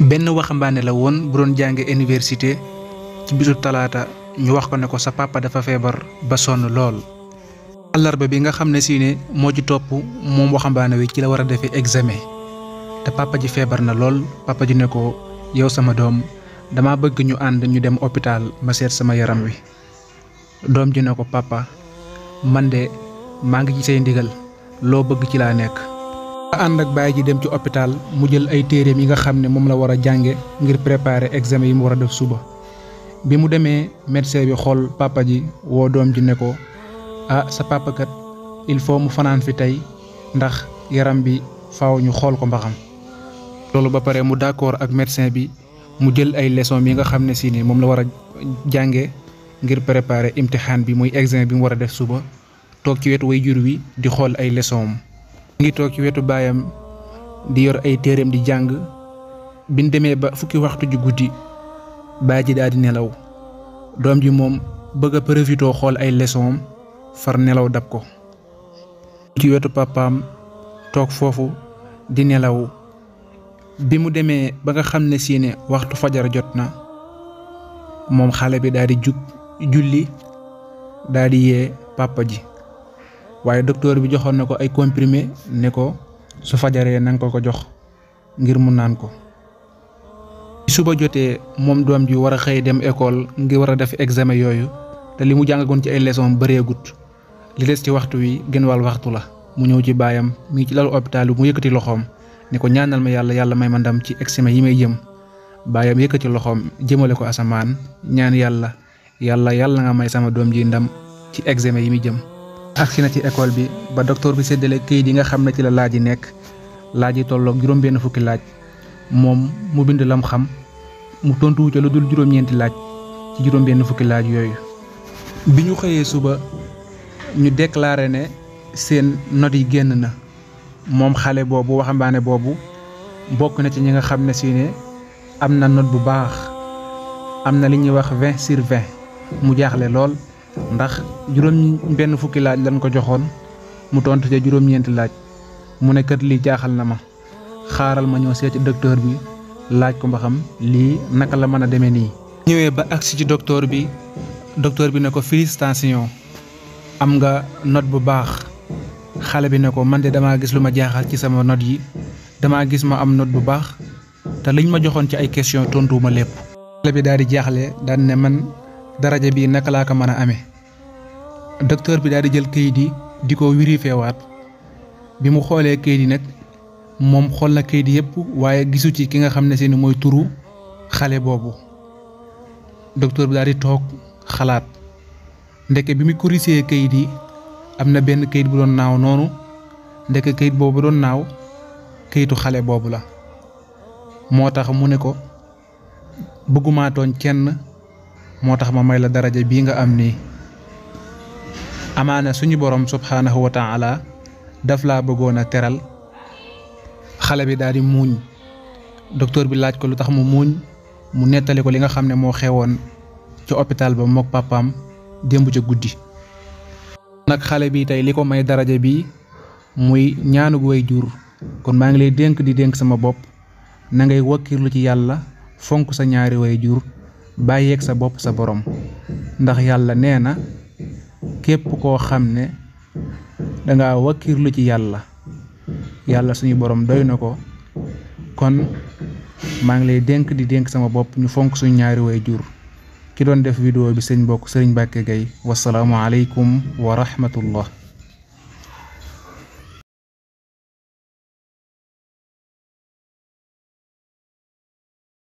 benn waxambaane la woon bu doon jànge université ci bisu talaata ñu wax ko ne ko sa papa dafa feebar ba sonn lool àllarba bi nga xam ne si ne moo ci topp moom waxambaane wi ci la war a examen te papa ji feebar na lool papa ji ne ko yow sama Dom, dama bëgg ñu ànd ñu dem hôpital ma seet sama yaram wi doom ji ne ko papa man de maa ngi ci say ndigal loo bëgg ci laa nekk ànd ak bàyyi ji dem ci hôpital mu jël ay téeréem yi nga xam ne moom la war a jànge ngir préparer examen yi mu war a def suba bi mu demee médecin bi xool papa ji woo doom ji ne ko ah sa papa il faut mu fanaan fi tey ndax yaram bi faw ñu xool ko mbaxam loolu ba pare mu d'accord ak médecin bi mu jël ay leçons yi nga xam ne si ni moom la war a jànge ngir préparer imtixaan bi muy examen bi mu war a def suba toog ci wetu way jur wi di xool ay leçons ngi toog ci wetu baayam di yor ay téereem di jàng biñ demee ba fukki waxtu ju guddi baay ji daal di nelaw doom ji moom bëgg a profitoo xool ay leçon far nelaw dab ko ci wetu papaam toog foofu di nelaw bi mu demee ba nga xam ne si waxtu fajar jot na moom xale bi daal di julli daal di yee papa ji waaye docteur bi joxoon na ko ay comprimé ne ko su fajaree na ko ko jox ngir mu naan ko. ci suba jotee moom doom ji war a xëy dem école ngir war a def examen yooyu te li mu jàngagoon ci ay leçon bareegut li des ci waxtu wi gën waxtu la mu ñëw ci baayam mi ci lalu hôpital bi mu yëkkati loxoom ne ko ñaanal ma yàlla yàlla may ma ndam ci examen yi may jëm baayam yëkkati loxoom jëmale ko asamaan ñaan yàlla yàlla yàlla nga may sama doom ji ndam ci examen yi mi jëm. agsi na ci école bi ba docteur bi séddale këyit yi nga xam ne ci la laaj yi nekk laaj yi tollook juróom-benn fukki laaj moom mu bind lam xam mu tontuwu ca lu dul juróom-ñeenti laaj ci juróom-benn fukki laaj yooyu. bi ñu xëyee suba ñu déclaré ne seen not yi génn na moom xale boobu waxambaane boobu bokk na ci ñi nga xam ne si ne am na not bu baax am na li ñuy wax vingt sur vingt mu jaaxle lool. ndax juróom benn fukki laaj lañ ko joxoon mu tontu ca juróom-ñeenti laaj mu ne kat lii jaaxal na ma xaaral ma ñëw seeti docteur bi laaj ko ba xam lii naka la mën a demee nii. ñëwee ba agsi ci docteur bi docteur bi ne ko félicitation am nga not bu baax xale bi ne ko man de damaa gis lu ma jaaxal ci sama not yi damaa gis ma am note bu baax te liñ ma joxoon ci ay question tontuwuma lépp. xale bi daal jaaxle daan ne man daraja bii naka laa ko mën a amee docteur bi daal di jël kayit yi di ko wirifeewaat bi mu xoolee kayit yi nag moom xool na kayit yëpp waaye gisu ci ki nga xam ne si mooy turu xale boobu docteur bi daal di toog xalaat ndeke bi mu corrigé kayit yi am na benn kayit bu doon naaw noonu ndeke kayit boobu doon naaw kayitu xale boobu la moo tax mu ne ko bëggumaatoon kenn moo tax ma may la daraja bi nga am ni amana suñu borom subhanahu wa taala daf la bëggona téral teral bi daali muñ docteur bi laaj ko lutax mu muñ mu netalé ko li nga xamné mo xewon ci hôpital ba mok papam dembu ci guddii nak xalé bi tay liko may daraja bi muy ñaanug way jur kon mangle ngi lay denk di denk sama bop na ngay wakkirlu ci yalla fonk sa ñaari way jur bayek sa bop sa borom ndax yalla neena kep ko xamne da nga wakir lu ci yalla yalla suñu borom doy kon ma ngi lay denk di denk sama bop ñu fonk suñu ñaari way jur ki doon def video bi señ bok señ Mbacke gay wassalamu alaykum wa rahmatullah